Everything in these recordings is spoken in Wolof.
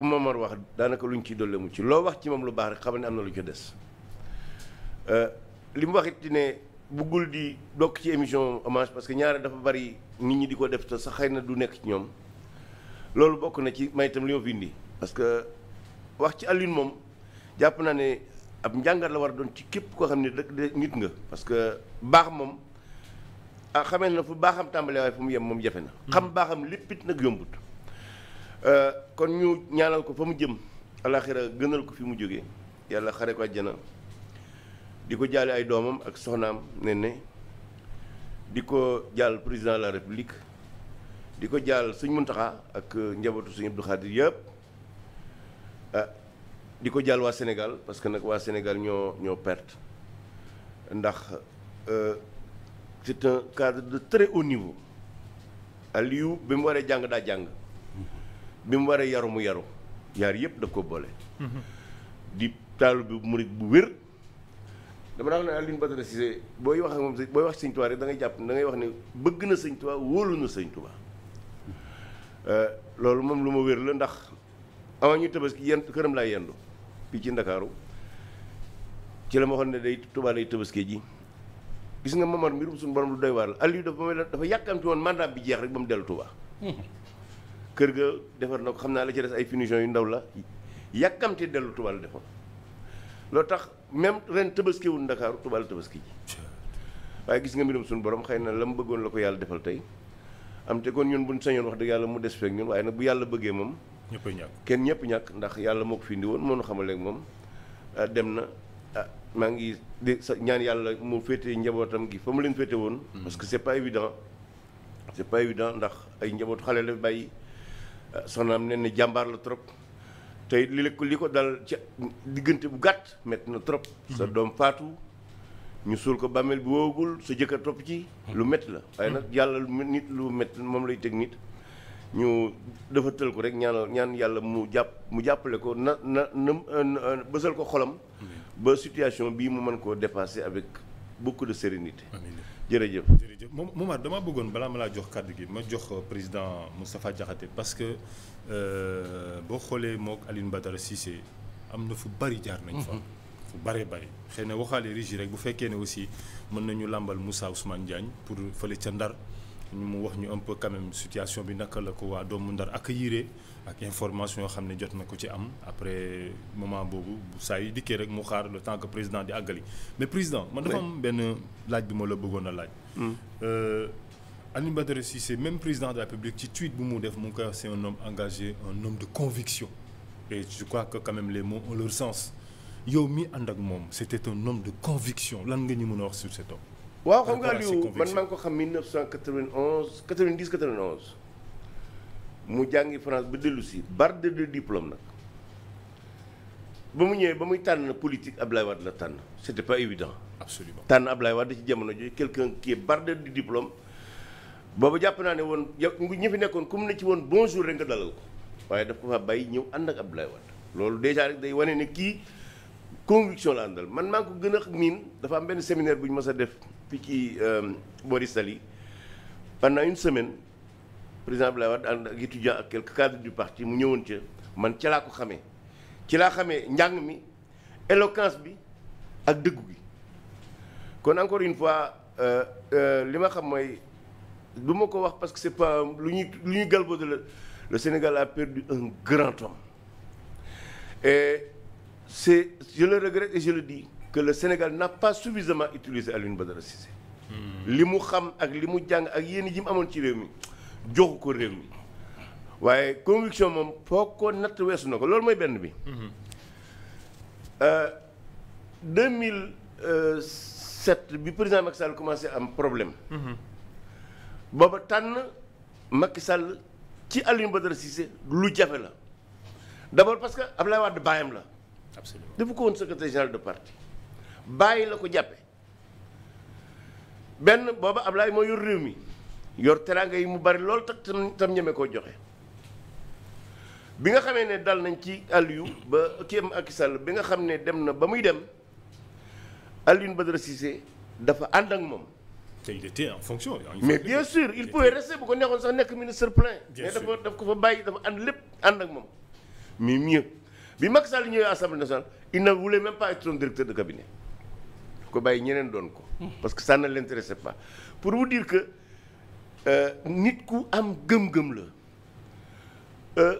Momar wax daanaka lu ñu ciy dolle mu ci loo wax ci moom lu baax rek xamal ne am na lu ca des euh, li mu wax it ne buggul di dokk ci émission hommage parce que ñaare dafa bari nit ñi di ko def te sax xëy na du nekk ci ñoom loolu bokk na ci may itam li ma fi indi parce que wax ci Alioune moom jàpp naa ne ab njàngat la war doon ci képp koo xam ne dëkk nit nga parce que baax moom ah xamee na fu baaxam tàmbalee waaye fu mu yem moom jafe na. xam baaxam léppit nag yombut. Euh, kon ñu ñaanal ko fa mu jëm alaxira gënal ko fi mu jógee yàlla xare ko àjjana di ko jaale ay doomam ak soxnaam ne di ko jaal président de la république di ko jaal suñ Muntaxa ak njabootu suñ Abdou Khadir yëpp ah di ko jaal waa Sénégal parce que nag waa Sénégal ñoo ñoo perte ndax euh, c'est un cadre de très haut niveau Aliou bi mu waree jàng daa jàng bi mu waree yaru mu yaru yar yëpp daf ko boole. di taalu bi murit bu wér. dama daan ne Alioune Badara Cissé booy wax ak moom booy wax Sëñ Tuubaa rek da ngay jàpp da ngay wax ne bëgg na Sëñ Tuubaa wóolu na Sëñ Tuubaa euh, loolu moom lu ma wér la ndax avant ñu tabaski yenn këram laay yendu fii ci Ndakaaru ci la ma waxoon ne day Tuubaa lay tabaski ji gis nga Mamar mbirum suñu borom lu doy waar la Aliou dafa dafa yàkkamti woon mandat bi jeex rek ba mu kër ga defar na ko xam naa la ci des ay finition yu ndaw la yàkkamti dellu Touba la defoon loolu tax même ren tëbaskiwul Ndakaaru Touba la tëbaski ji waaye gis nga mbirum suñu borom xëy na la mu bëggoon la ko yàlla defal tey am te kon ñun bu buñ sañoon wax dëgg yàlla mu des feek ñun waaye nag bu yàlla bëggee moom ñëppay ñàkk kenn ñëpp ñàkk ndax yàlla moo ko fi indi woon moo nu xamal moom ah, dem na ah maa ngi sa ñaan yàlla mu féete njabootam gi fa mu leen féete woon mm. parce que c'est pas évident c'est pas évident ndax ay njaboot xale la bàyyi soxnaam ne ni jàmbaar la trop tey li ko li ko dal ci diggante bu gàtt metti na trop. sa doom faatu ñu suul ko bàmmeel bi woowagul sa jëkkër topp ci. lu métti la waaye nag yàlla nit lu métti moom lay teg nit. ñu dafa tël ko rek ñaanal ñaan yàlla mu jàpp mu jàppale ko na na na bësal ko xolam. ba situation bii mu mën koo dépasser avec. beaucoup de sérénité. jërëjëf jërëjëf moom Momar damaa bëggoon balaa ma laa jox kàddu gi ma jox euh, président Moustapha Diakhaté parce que euh, boo xoolee mook Alioune Badara Cissé am na fu bari jaar nañ fa. Mm-hmm. fu bari bari xëy na waxaale régie rek bu fekkee ne aussi mën nañu làmbal Moussa Ousmane Diagne pour fële ca Ndar. mu wax ñu un peu quand situation bi naka la ko waa doomu ndar accueillir ak information oo xam ne jot na ko ci am après moment boobu saa yi dikkee rek mu xaar le temps que président di àggali mais président man dafa am benn laaj bi ma la bëggoon a laaj hmm. euh, Alioune Badara Cissé même président de la République ci tweet bu mu def mu ngi koy wax c'est un homme engagé un homme de conviction et je crois que quand même les mots ont leur sens yow mi ànd ak moom c'était un homme de lan nga ñu mën a wax sur cet homme waaw xam nga Aliou man maa ngi ko xam 1991 90 91 mu jàngi France ba dellu si barde de diplôme nag ba mu ñëwee ba muy tànn ab Ablaye Wade la tànn c'était pas évident. absolument tànn Ablaye Wade ci jamono jooju quelqu'un qui est barde de diplôme boobu jàpp naa ne woon ñi fi nekkoon comme na ci woon bonjour rek nga dalal ko waaye daf ko fa bàyyi ñëw ànd ak Ablaye Wade loolu déjà rek day wane ne kii. conviction la àndal man maa ngi ko gën a miin dafa am benn séminaire bu ñu mës def fii ci Boori euh, Sali pendant une semaine président Abdoulaye Wade ànd ak étudiant ak quelques cadres du parti mu ñëwoon ca man ca laa ko xamee ci laa xamee njàng mi éloquence bi ak dëggu gi kon encore une fois euh, euh, li ma xam mooy du ma ko wax parce que c'est pas lu ñuy lu ñuy galbauder la le Sénégal a perdu un grand homme c'est je le regrette et je le Sénégal n'a pas suffisamment utilisé Alioune Badara Cissé hmm. li mu xam ak li mu jàng ak yéen jim amoon ci réew mi joxu ko réew mi waaye conviction moom foog ko natt weesu na ko loolu mooy benn bi. 2007 hmm. euh, bi président Macky Sall commencé am problème. Hmm. booba tànn Macky Sall ci Alioune Badara Cissé lu jafe la d'abord parce que Abdoulaye Wade baayam la. absolument defu ko woon secrétaire général de parti bàyyi la ko jàppe benn booba ab Ablaye moo yor réew mi yor teraanga yi mu bari lool tax tam ñeme koo joxe bi nga xamee ne dal nañ ci Aliou ba kii am Macky Sall bi nga xam ne dem na ba muy dem Alioune Badara Cissé dafa ànd ak moom. te il était mais bien sûr il pouvait rester bu ko neexoon sax nekk ministre plein. mais dafa daf ko fa bàyyi dafa ànd lépp ànd ak moom mais mieux. bi mag Sall ñëwee assemblée nationale il ne voulait même pas être un directeur de cabinet ko bàyyi ñeneen doon ko. parce que ça ne l'intéressait pas pour wu dire que euh, nit ku am gëm-gëm la euh,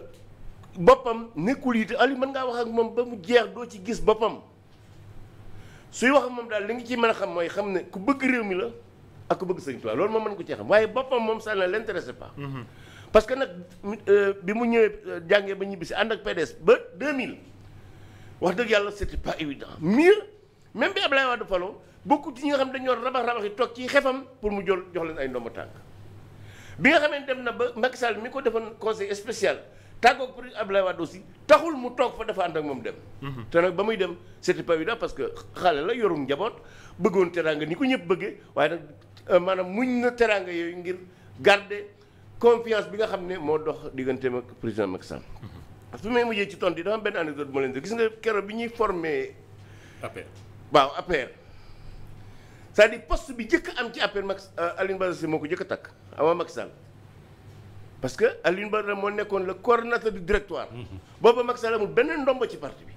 boppam nekkul yi te Aliou mën ngaa wax ak moom ba mu jeex doo ci gis boppam suy wax ak moom daal li nga ci mën a xam mooy xam ne ku bëgg réew mi la ak ku bëgg Sëriñ Tuubaa loolu moom mën ko cee xam waaye boppam moom ça ne l'intéressait pas. Mm-hmm. parce que nag euh, bi mu ñëwee euh, jàngee ba ñibbi si ànd ak PDS ba 2000 wax dëgg yàlla c'était pas évident mieux même bi Ablaye Wade falo bokku ci ñi nga xam dañu doon rabax rabax yi toog ci xefam pour mu jol jox leen ay ndomba tànk bi nga xamee dem na ba Macky Sall mi ko defoon conseil spécial tàggoog pour Ablaye Wade aussi taxul mu toog fa dafa ànd ak moom dem. Mhm. te nag ba muy dem c'était pas évident parce que xale la yorum njaboot bëggoon teraanga ni ko ñëpp bëggee waaye nag euh, maanaam muñ na teraanga yooyu ngir garder. confiance bi nga xam ne moo dox digganteem ak président Macky Sall. su may mujjee ci tontu yi dama benn anecdote moo leen di gis nga keroog bi ñuy formé. waaw APR. cest à post bi njëkk am ci APR mag euh, Alioune Badara moo ko njëkk a takk a Macky Sall. parce que Alioune Badara moo nekkoon le coordonnateur du directoire. Mm-hmm. booba Macky Sall amul benn ndomba ci parti bi.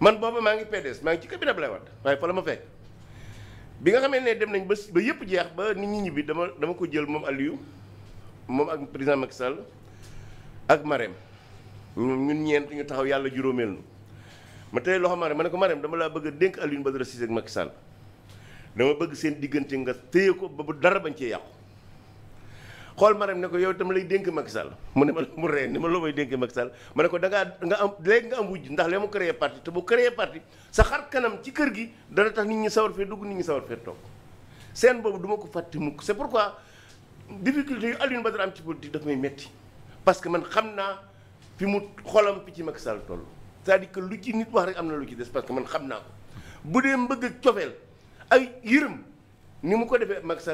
man booba maa ngi PDS maa ngi ci cabinet Abdoulaye Wade waaye fa la ma fekk. bi nga xamee ne dem nañ ba ba yëpp jeex ba nit ñi ñibbi dama dama ko jël moom Aliou moom ak président Macky Sall ak Marème ñun ñeent ñu taxaw yàlla juróomeel nu ma tey loxo Marème ma ne ko Marème dama laa bëgg dénk Alioune Badara Cissé ak Macky dama bëgg seen diggante nga téye ko ba bu dara bañ cee yàqu xool ma Marème ne ko yow itam lay dénk Macky Sall mu ne ma mu ree ne ma loo dénk Macky Sall ma ne ko da ngaa nga am léegi nga am wujj ndax lee mu créé parti te bu créé parti sa xar kanam ci kër gi dana tax nit ñi sawar fee dugg nit ñi sawar fee toog seen boobu duma ko fàtte mukk c'est pourquoi difficulté yu Alioune Badara am ci politique dafa may metti parce que man xam naa fi mu xolam fi ci Macky sal toll c'est-à-dire que lu ci nit wax rek am na lu ci des parce que man xam naa bu dee mbëgg ak ay yërëm ni mu ko defee Macky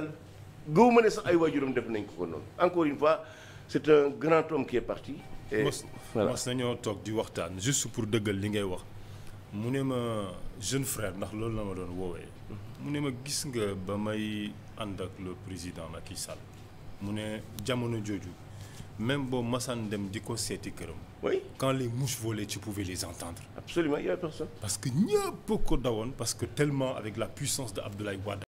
gëw ma ne sax ay waajuram def nañ ko ko noonu encore une fois c'est un grand homme qui est parti. et mos nañoo toog di waxtaan juste pour dëggal li ngay wax mu ne ma jeune frère ndax loolu la ma doon woowee. mu ne ma gis nga ba may ànd ak le président Macky Sall mu ne jamono jooju même boo masaan dem di ko seeti këram. quand les mouches volaient tu pouvais les entendre. parce que ñëpp ko dawoon parce que tellement avec la puissance de Abdoulaye Wade.